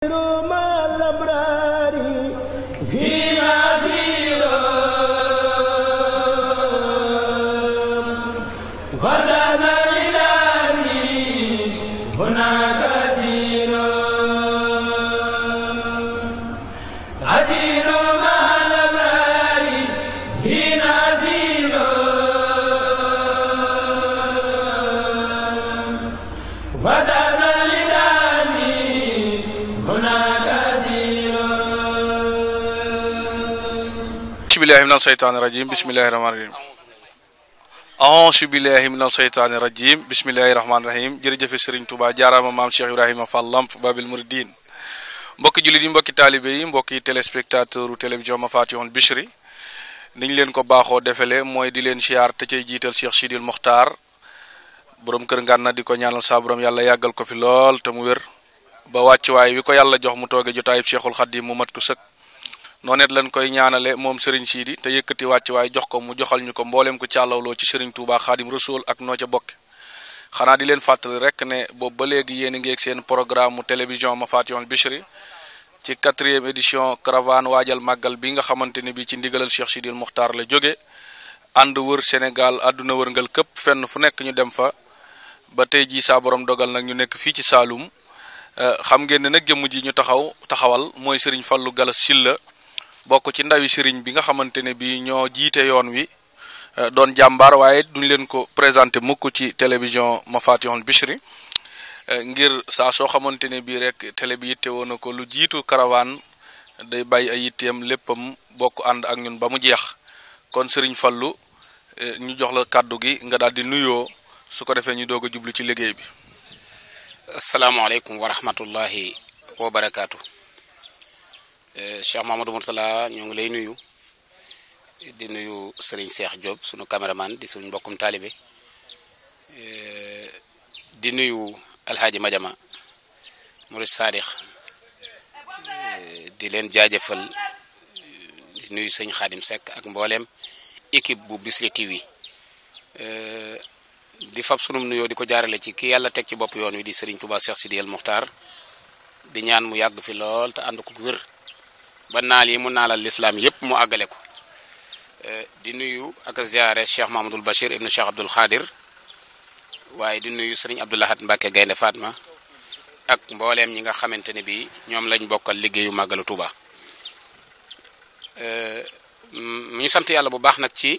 Pero billahi min alsheytaani rajim bismillahi rahmaani rahim aonsu billahi min alsheytaani rajim bismillahi rahmaani rahim jërëjëfe sëriñ Tuubaa jaaraama maam Cheikh Ibrahima Fall Lamp Babil Mouridine mbokki jullit yi mbokki taalibe yi mbokki téléspectateur u télévision ma faatihul Bichri niñ leen ko baaxoo defele mooy di leen siyaar te cay jiital Cheikh Sidil Mokhtar boroom kër Ngànna di ko ñaanal saa yàlla yàggal ko fi lool te mu wér ba wàccuwaay wi ko yàlla jox mu tooge jotaayib Cheikhul Xadim mu mat ko sëkk noonu leen koy ñaanale moom Serigne Sidi te yëkkati wàcc waaye jox ko mu joxal ñu ko mbooleem ko càllawloo ci Serigne Touba Xaadim Rasuul ak noo ca bokke xanaa di leen fàttali rek ne boobu ba léegi yéen a ngi ak seen programme mu télévision Mafatihul Bichri ci quatrième édition caravane waajal màggal bi nga xamante ne bi ci ndigalal Cheikh Sidil Muxtaar la jóge ànd wër senegal àdduna wërngal képp fenn fu nekk ñu dem fa ba tey jii saa borom dogal nag ñu nekk fii ci Saalum eh, xam ngeen ne nag jëmm ji ñu taxaw taxawal mooy Serigne Fallou Galass Sylla bokk ci ndawi sëriñ bi nga xamante ne bi ñoo jiite yoon wi eh, doon jàmbaar waaye duñ leen ko présenté mukk ci télébision télévision Mafatihul Bichri eh, ngir saa soo xamante ne bii rek télé bi yitte woon na ko lu jiitu karawaan day bay ay yitteem léppam bokk ànd ak ñun ba mu jeex kon sëriñ Fallu eh, ñu jox la kàddu gi nga daal di nuyoo su ko defee ñu doog a jublu ci liggéey bi. asalaamaaleykum wa rahmatullahi wa barakaatu. Eh, Cheikh Mamadou Mourtala ñoo ngi lay nuyu di nuyu sëriñ Cheikh Diop sunu caméraman di suñu mbokkum taalibe eh, di nuyu Alxaaji Madiama Murid Saadix eh, di leen jaajëfal di nuyu sëñ Xaadim sekk ak mbooleem équipe bu Bichri TV di fab sunum nuyoo di ko jaarale ci ki yàlla teg ci bopp yoon wi di Serigne Touba Cheikh Sidi El Mokhtar di ñaan mu yàgg fi lool te ànd ko wér ba naal yi mu naalal lislaam yëpp mu àggale ko eh, di nuyu ak ziare Cheikh Mahamadul Bachir ibnu Cheikh Abdoul Khadir waaye di nuyu sëriñ Abdoul Ahad Mbacke Gaynde Fatma ak mbooleem ñi nga xamante ne bii ñoom lañ bokkal liggéeyu màggalu Touba. Eh, mm, ñu sant yàlla bu baax nag ci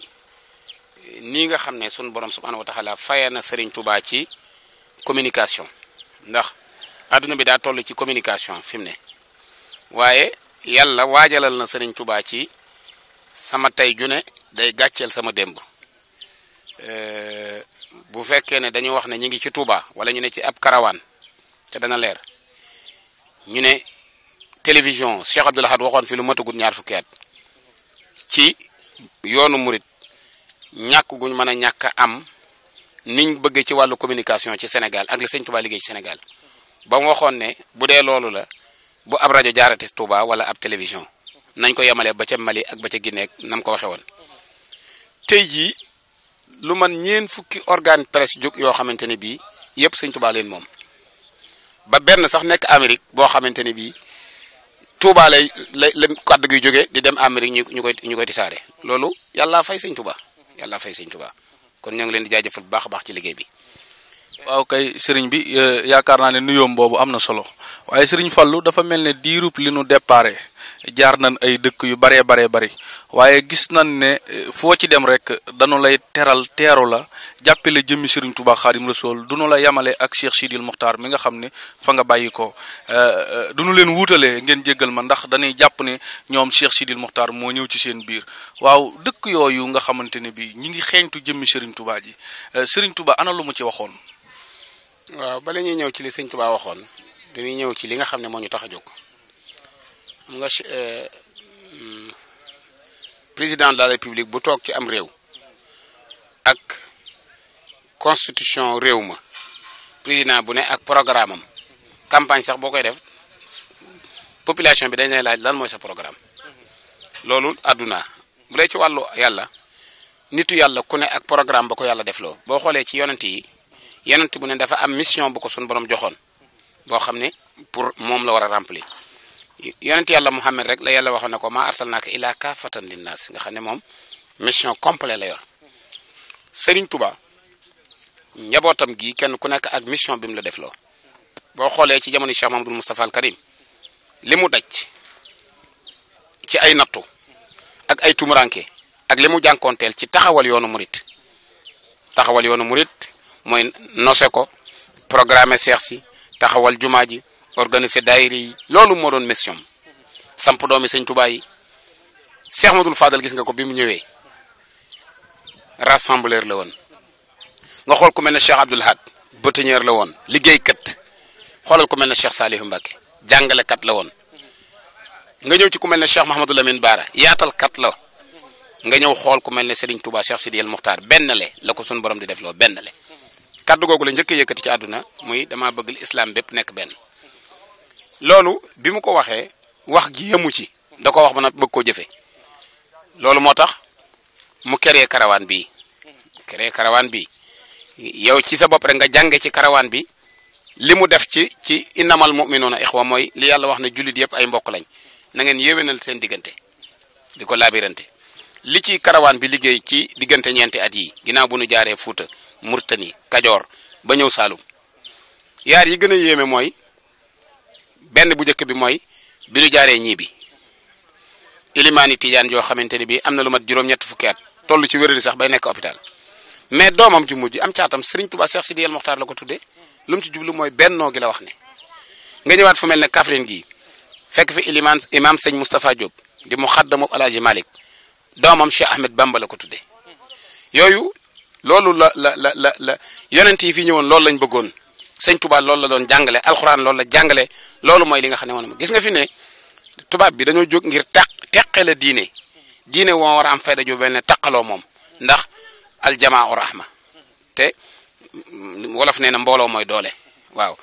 nii nga xam ne sunu borom subhanahu wa taala fayee na sëriñ Touba ci communication ndax adduna bi daa toll ci communication fi mu ne yàlla waajalal na sëriñ tubaa ci sama tey ju day gàcceel sama démb eh, bu fekkee ne dañu wax ne ñu ngi ci Touba wala ñu ne ci ab karawaan te dana leer ñu ne télévision Cheikh Abdoul Ahad waxoon fi lu matagut ñaar fukki at ci yoonu murit ñàkk guñ mën a ñàkk am niñ bëgg ci wàllu communication ci Sénégal ak li sëñ liggéey ci Sénégal ba waxoon ne bu dee loolu la bu ab rajo jaaratis Touba wala ab télévision nañ ko yemale ba ca Mali ak ba gi nekk nam ko waxe woon tey jii lu man ñeen fukki organe presse jóg yoo xamante ne bii yëpp sëñ Touba leen moom ba benn sax nekk Amérique boo xamante ne bii Touba lay lay la kàddu gi jóge di dem Amérique ñu ñu koy ñu koy tisaare loolu yàlla fay sëñ Touba yàlla fay sëñ Touba kon ñoo ngi leen di jaajëfal bu baax baax ci liggéey bi. waaw kay sëriñ bi euh, yaakaar naa ne nuyoom boobu am na solo waaye sëriñ Fallu dafa mel ne diirub li nu déparé jaar nañ ay dëkk yu baree baree bari waaye gis nañ ne euh, foo ci dem rek dañu lay teral teeru la jàppale jëmmi sëriñ Tuubaa Xaadim Rasuul du nu la yemale ak Cheikh Sidil Muxtaar mi nga xam ne fa nga bàyyi ko euh, du nu leen wuutalee ngeen jéggal ma ndax dañuy jàpp ne ñoom Cheikh Sidil Muxtaar moo ñëw ci seen biir waaw dëkk yooyu nga xamante ne bii ñi ngi xeeñtu jëmmi sëriñ Tuubaa ji sëriñ Tuubaa ana lu mu ci waxoon. waaw bala ñuy ñëw ci li sëñ Tuubaa waxoon dañuy ñëw ci li nga xam ne moo ñu tax a jóg xam nga euh, hmm, président de la république bu toog ci am réew ak constitution réew ma président bu ne ak programme am campagne sax boo koy def population bi dañ lay laaj lan mooy sa programme loolu àdduna bu lay ci wàllu yàlla nitu yàlla ku ne ak programme ba ko yàlla def loo boo xoolee ci yonent yi yonent bu ne dafa am mission bu ko suñu borom joxoon boo xam ne pour moom la war a remplir yonent yàlla Muhammad rek la yàlla waxoon ne ko ma maa arsalnaaka illaa kaafatan linnaas nga xam ne moom mission complète la yor Serigne Touba njabootam gi kenn ku nekk ak mission bi la def loo boo xoolee ci jamono Cheikh Mamadou Moustapha al Karim li mu daj ci ay nattu ak ay tumuranke ak li mu jànkoonteel ci taxawal yoonu murit taxawal yoonu murit mooy nose ko programme seex si taxawal jumaa ji organiser daayira loolu moo doon mission samp doomi sëñ Tuubaa yi Seex Madul Fadal gis nga ko bi mu ñëwee rassembleur la woon nga xool ku mel ne Cheikh Abdoul Ahad bâtonnier la woon liggéeykat xoolal ku mel ne Cheikh Salihu Mbacke jàngalekat la woon nga ñëw ci ku mel ne Cheikh Mahamadou Lamine Baara yaatalkat la nga ñëw xool ku mel ne Serigne Touba Cheikh Sidi El Muxtaar benn le la ko sunu borom di def loo benn le kàddu googu la njëkk yëkkati ci àdduna muy dama bëgg islam bépp nekk benn loolu bi mu ko waxee wax gi yëmu ci da ko wax ba nag bëgg koo jëfe loolu moo tax mu keree karawaan bi keree karawaan bii yow ci sa bopp rek nga jànge ci karawaan bi li mu def ci ci innamal mu'minuuna ixwa mooy li yàlla wax na julit yëpp ay mbokk lañ na ngeen yéwénal seen diggante di ko laabirante li ci karawaan bi liggéey ci diggante ñeenti at yi ginnaaw bu nu jaaree Fuuta murtani kajoor ba ñëw saalum yaar yi gën a yéeme mooy benn bu njëkk bi mooy bi ñu jaaree ñii bi ilimaani tijaan yoo xamante ni bi am na lu mat juróom-ñett fukki at toll ci wéradi sax bay nekk hôpital mais doomam ju mujj am caatam Serigne Touba Cheikh Sidi El Mokhtar la ko tudde lu mu ci jublu mooy bennoo gi la wax ne nga ñëwaat fu mel ne Kaffrine gi fekk fi ilimaan imaam sëñ Moustapha Diop di mu xaddamu Alaaji Malick doomam Cheikh Ahmed Bamba la ko tuddee loolu la la la la la yonent yi fi ñëwoon loolu lañ bëggoon sëñ tubaab loolu la doon jàngale alxuraan loolu la jàngale loolu mooy li nga xam ne moom gis nga fi ne tubaab bi dañoo jóg ngir teq teqe la diine diine woo war a am fayda ju mel taqaloo moom ndax al aljamaa rahma te mm, wolof nee na mbooloo mooy doole waaw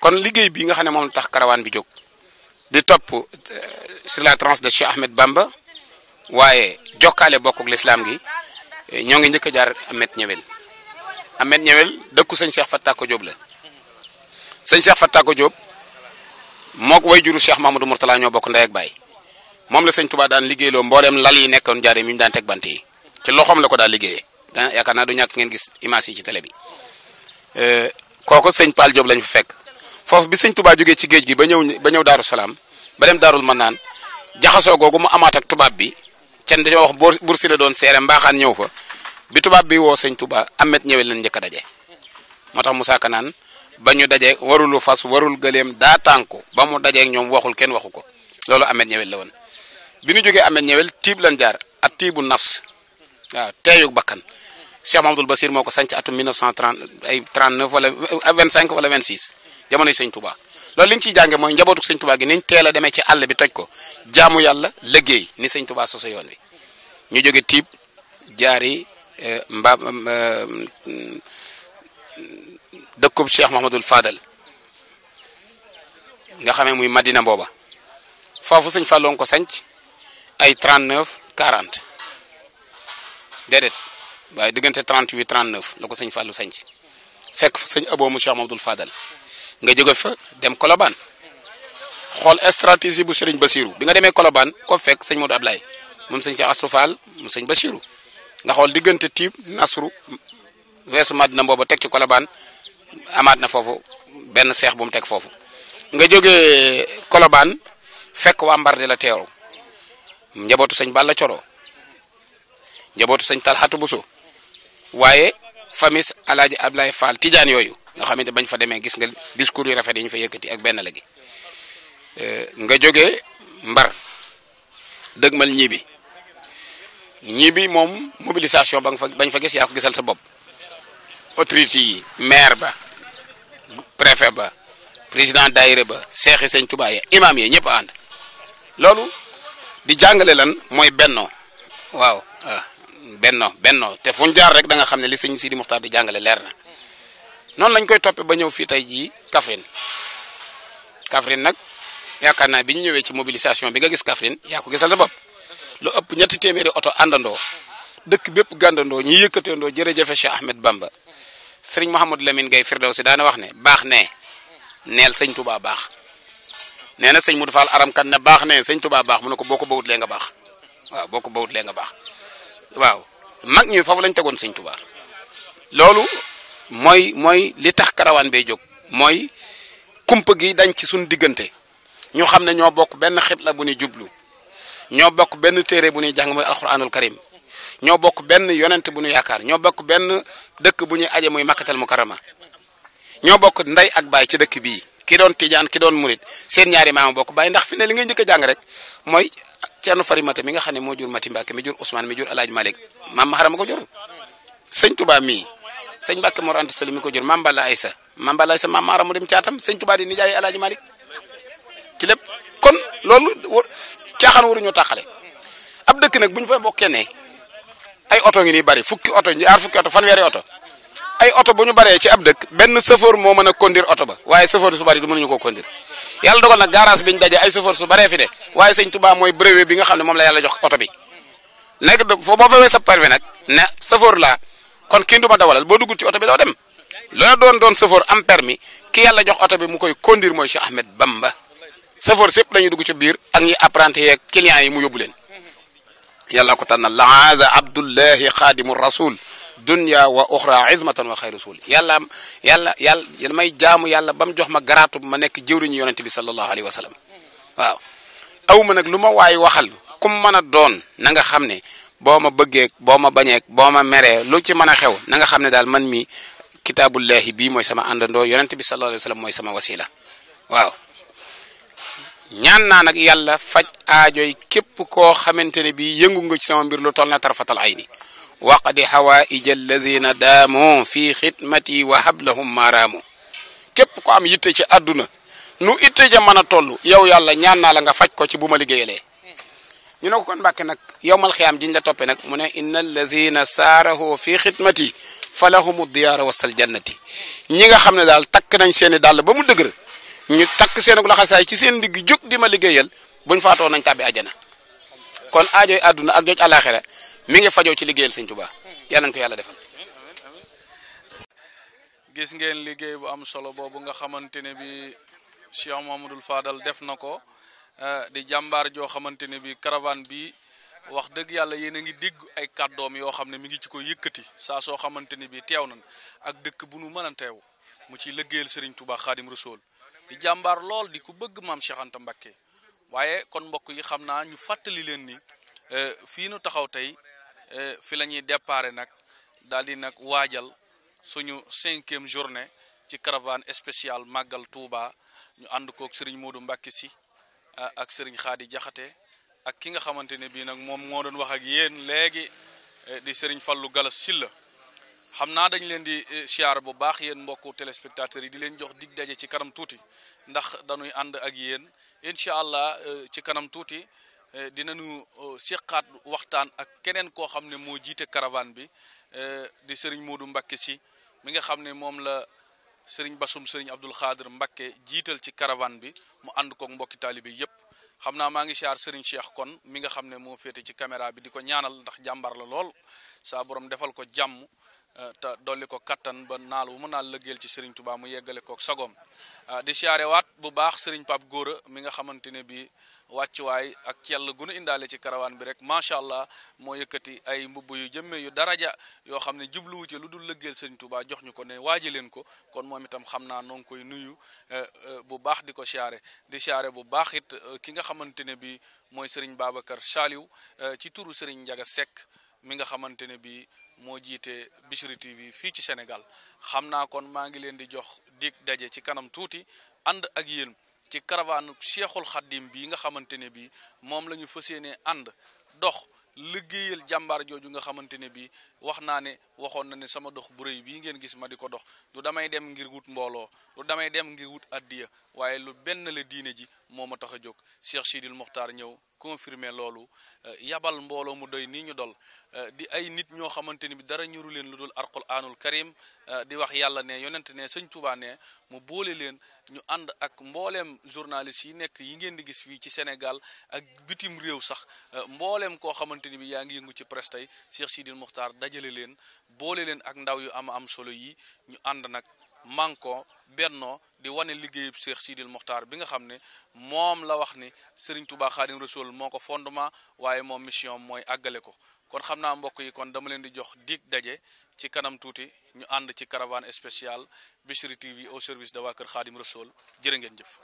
kon liggéey bi nga xam ne moom tax karawaan bi jóg di topp euh, sur la tranche de Cheikh Ahmed Bamba waaye jokkaale bokkuk l'islam gi ñoo ngi njëkk a jaar Ahmed a Ahmed Ñewel dëkku sëñ Cheikh Fatako Diop la sëñ Cheikh Fatako Diop mook way juru Cheikh Mamadou Mourtala ñoo bokk ndey ak baay moom la sëñ Touba daan loo mbooleem lal yi nekkoon jaaree mi daan teg bant yi ci loxoom la ko daan liggéeyee ah yaakaar du ñàkk ngeen gis image yi ci télé bi euh, kooku sëñ Paal Diop lañ fa fekk foofu bi sëñ Touba jógee ci géej gi ba ñëw ba ñëw Daaru Salaam ba dem Daarul Manaan jaxasoo googu mu amaat bi. can dañoo wax bur si la doon seere mbaaxaan ñëw fa bi tubaab bi woo sëñ tubaa amet ñëwee lañ njëkk a daje moo tax Musaa Ka naan ba ñu daje warulu fas warul gëleem daa tànku ba mu dajeek ñoom waxul kenn waxu ko loolu amet ñëwel la woon bi ñu jógee amet ñëwel tiib lan jaar a tiibu nafs waaw teeyug bakkan Cheikh Mamadou Basir moo ko sanc atum 1930 ay 39 wala 25 wala 26 jamonoy sëñ Tuubaa loolu li ñu ciy jànge mooy njabootu sëñ Tuubaa gi niñ teel a demee ci àll bi toj ko jaamu yàlla liggéey ni sëñ Tuubaa soso yoon wi ñu jóge tiib jaari e, mba e, dëkkub Cheikh Mahamadul Fadal nga xamee muy Madina booba foofu sëñ Fallon ko sanc ay 39 40 déedéet waaye diggante 38 39 la ko sëñ Fallou sanc fekk fa sëñ aboomu Cheikh Mahamadul Fadal nga jóge fa dem Kolobaan xool stratégie bu Serigne Basirou bi nga demee Kolobaan ko fekk sëñ Modou Ablaye moom sëñ Cheikh Astou Fall mu sëñ Bachirou nga xool diggante tiib nasru weesu Madina booba teg ci Colobane amaat na foofu benn seex bu mu teg foofu nga jógee Colobane fekk waa Mbarde la teeru njabootu sëñ Balla Coro njabootu sëñ Talxatu Buso waaye famis alaaji Ablaye Fall tijaan yooyu nga xamante bañ fa demee gis nga discours yu rafet yi ñu fa yëkkati ak benn léegi euh, nga joge Mbar dëgmal ñibi ñii bi moom mobilisation ba nga fa bañ fa gis yaa ko gisal sa bopp autorité maire ba préfet ba président daayira ba seexi sëñ Tuubaa ya imam yi ñëpp ànd loolu di jàngale lan mooy benno waaw ah, benno benno te fu jaar rek da nga xam ne li sëñ Sidi Muxtaar di jàngale leer na noonu lañ koy toppee ba ñëw fii tey jii Kaffrine Kaffrine nag yaakaar naa bi ñu ñëwee ci mobilisation bi nga gis Kaffrine yaa ko gisal sa bopp lu ëpp ñetti téeméeri oto àndandoo dëkk bépp gàndandoo ñi yëkkateendoo jërëjëfe Cheikh Ahmed Bamba sëriñ Mouhamadou Lamine Gaye si daana wax ne baax ne neel sëñ Touba baax nee na sëñ Modou Fall aram kan ne baax ne sëñ Touba baax mu ne ko boo ko bawut lee baax waaw boo ko bawut baax waaw mag ñi foofu lañ tegoon sëñ Touba loolu mooy mooy li tax karawaan bay jóg mooy kumpa gi dañ ci suñ diggante ñoo xam ne ñoo bokk benn xibla bu ni jublu ñoo bokk benn téere bu ñuy jàng mooy alquranul karim ñoo bokk benn yonent bu nu yaakaar ñoo bokk benn dëkk bu ñuy aje muy makkatal mukarrama ñoo bokk ndey ak baay ci dëkk bi ki doon tijaan ki doon murit seen ñaari maama bokk baay ndax fi ne li ngay njëkk a jàng rek mooy Ceerno Farimata mi nga xam ne moo jur Mati Mbàkke mi jur Ousmane mi jur El Hadj Malick maam Maharama ko jur sëñ Tuba mi sëñ Mbàkke Mor Anta Sali mi ko jur maam Balla Aysa maam Balla Aysa maam Maharama dem caatam sëñ Tuba di nijaay El Hadj Malick ci lépp. kon loolu caaxaan ñu tàqale ab dëkk nag bu ñu fa bokkee ne ay oto ngi nii bari fukki oto ñaar fukki oto fanweeri oto ay oto bu ñu baree ci ab dëkk benn chauffeur moo mën a conduire oto ba waaye chauffeur su bari du mënuñu koo conduire yàlla dogal nag garage bi ñu daje ay chauffeur su baree fi de waaye sëñ Tuubaa mooy brevet bi nga xam ne moom la yàlla jox oto bi nekk foo sa permis nag ne chauffeur laa kon kii du ma dawalal boo duggul ci oto bi doo dem loo doon doon chauffeur am permis ki yàlla jox oto bi mu koy conduire mooy Cheikh Ahmed Bamba safoor sépp dañuy dugg ci biir ak ñi apprenti yeeg yi mu yóbbu leen yàlla ko tànnal la haada abdullahi xaadimu rasul dunya wa oxra izmatan wa xayru rasul yàlla yàlla yàlla may jaamu yàlla ba mu jox ma garaatu ma nekk jëwriñu yonente bi sallallahu alayhi wa sallam waaw aw ma nag lu ma waay waxal ku mu mën a doon na nga xam ne boo ma bëggee boo ma bañeek boo ma mere lu ci mën a xew na nga xam ne daal man mi kitaabullahi bii mooy sama àndandoo yonente bi sallallahu alayhi wa mooy sama wasila ñaan naa nag yàlla faj aajoy képp koo xamante ne bii yëngu nga ci sama mbir lu toll na tarfatal ay ni waqdi hawaïja alladina daamu fi xidmati wa hablahum maaraamu képp ko am yitte ci àdduna nu itte ja mën a toll yow yàlla ñaan naa la nga faj ko ci bu ma liggéeyalee ñu ne ko kon mbàkke nag yowmal xiyaam jiñ la toppe nag mu ne inna alladina saarahu fi xidmati fa lahumu diyaara wasal jannati ñi nga xam ne daal takk nañ seeni dàll ba mu dëgër ñu takk seen laxasaay ci seen digg jóg di ma liggéeyal buñ faatoo nañ tàbbi àjjana kon aajoy àdduna ak jooj àllaaxira mi ngi fajoo ci liggéeyal sañ Tuubaa yal nañ ko yàlla defal. gis ngeen liggéey bu am solo boobu nga xamante ne bi Cheikh Mamadou Fadal def na ko eh, di jàmbaar joo xamante ne bi caravane bi wax dëgg yàlla yéen a ngi digg ay kàddoom yoo xam ne mi ngi ci ko yëkkati saa soo xamante ne bi teew nan ak dëkk bu nu mën a teew mu ciy liggéeyal Serigne Touba Xaadim Rasuul di jàmbaar lool di ku bëgg maam Cheikh Anta Mbakke waaye kon mbokk yi xam naa ñu fàttali leen ni e, fii nu taxaw tey e, fi la depare déparé nag daal di nag waajal suñu cinquième journée ci caravane spéciale màggal Touba ñu ànd kook Serigne Modou Mbakke si ak Serigne Xaadi Jaxate ak ki nga xamante ne bii nag moom moo doon wax ak yéen léegi e, di Serigne Fallou gala Silla xam naa dañ leen di eh, siyaar bu baax yéen mbokku téléspectateurs yi di leen jox dig ci kanam tuuti ndax dañuy ànd ak yéen incha allah eh, ci kanam tuuti eh, dinañu séqaat waxtaan ak keneen koo xam ne moo jiite caravane bi di sëriñ Modou Mbakke si mi nga xam ne moom la sëriñ Basum sëriñ Abdul Xaadir Mbakke jiital ci caravane bi mu ànd koog mbokki taalibe yépp xam naa maa ngi siyaar sëriñ Cheikh kon mi nga xam ne moo féete ci caméra bi di ko ñaanal ndax jàmbar la lool saa borom defal ko jàmm. Eh, te dolli ko kattan ba naal wu mu naal lëggeel ci Serigne Touba mu yeggale kook sagom eh, di siyaarewaat bu baax Serigne Pape Gora mi nga xamante ne bii wàccuwaay ak yàlla gunu indaale ci karawaan bi rek macha allah moo yëkkati ay mbubb yu jëmme yu daraja yoo xam ne jubluwu ci lu dul lëggeel Serigne Touba jox ñu ko ne waaji leen ko kon moom itam xam naa noo koy nuyu eh, bu baax di ko siyaare di siyaare bu baax it ki nga xamante ne bii mooy Serigne Babacar Saliou ci turu Serigne Ndiaga Seck mi nga xamante ne bii. moo jiite Bichri TV fii ci senegal xam naa kon maa ngi leen di jox dig daje ci kanam tuuti ànd ak yéen ci caravane Cheikhul Khadim bi nga xamante ne bii moom la ñu fas yéenee ànd dox liggéeyal jàmbaar jooju nga xamante ne bii wax naa ne waxoon na ne sama dox bu rëy bii ngeen gis ma di ko dox lu damay dem ngir wut mbooloo du damay dem ngir wut addiya waaye lu benn la diine ji moo ma tax a jóg Cheikh Sidil Mokhtar ñëw. confirmer loolu euh, yabal mbooloo mu doy nii ñu dol euh, di ay nit ñoo xamante ni bi dara ñuru leen lu dul alquraanul karim euh, di wax yàlla ne yonent ne sëñ Tuubaa ne mu boole leen ñu ànd ak mbooleem journaliste yi nekk yi ngeen di gis fii ci Sénégal ak bitim réew sax mbooleem koo xamante ni bi yaa ngi yëngu ci presse tey Cheikh Sidil Muxtaar dajale leen boole leen ak ndaw yu am am solo yi ñu ànd nag manko bennoo di wane liggéeyub Cheikh Sidil Mokhtar bi nga xam ne moom la wax ni sëriñ Touba Khadim Rasoul moo ko fondement waaye moom mission mooy àggale ko kon xam naa mbokk yi kon dama leen di jox dig daje ci kanam tuuti ñu ànd ci caravane spéciale Bichri TV au service de waa kër Khadim Rasoul jërë ngeen jëf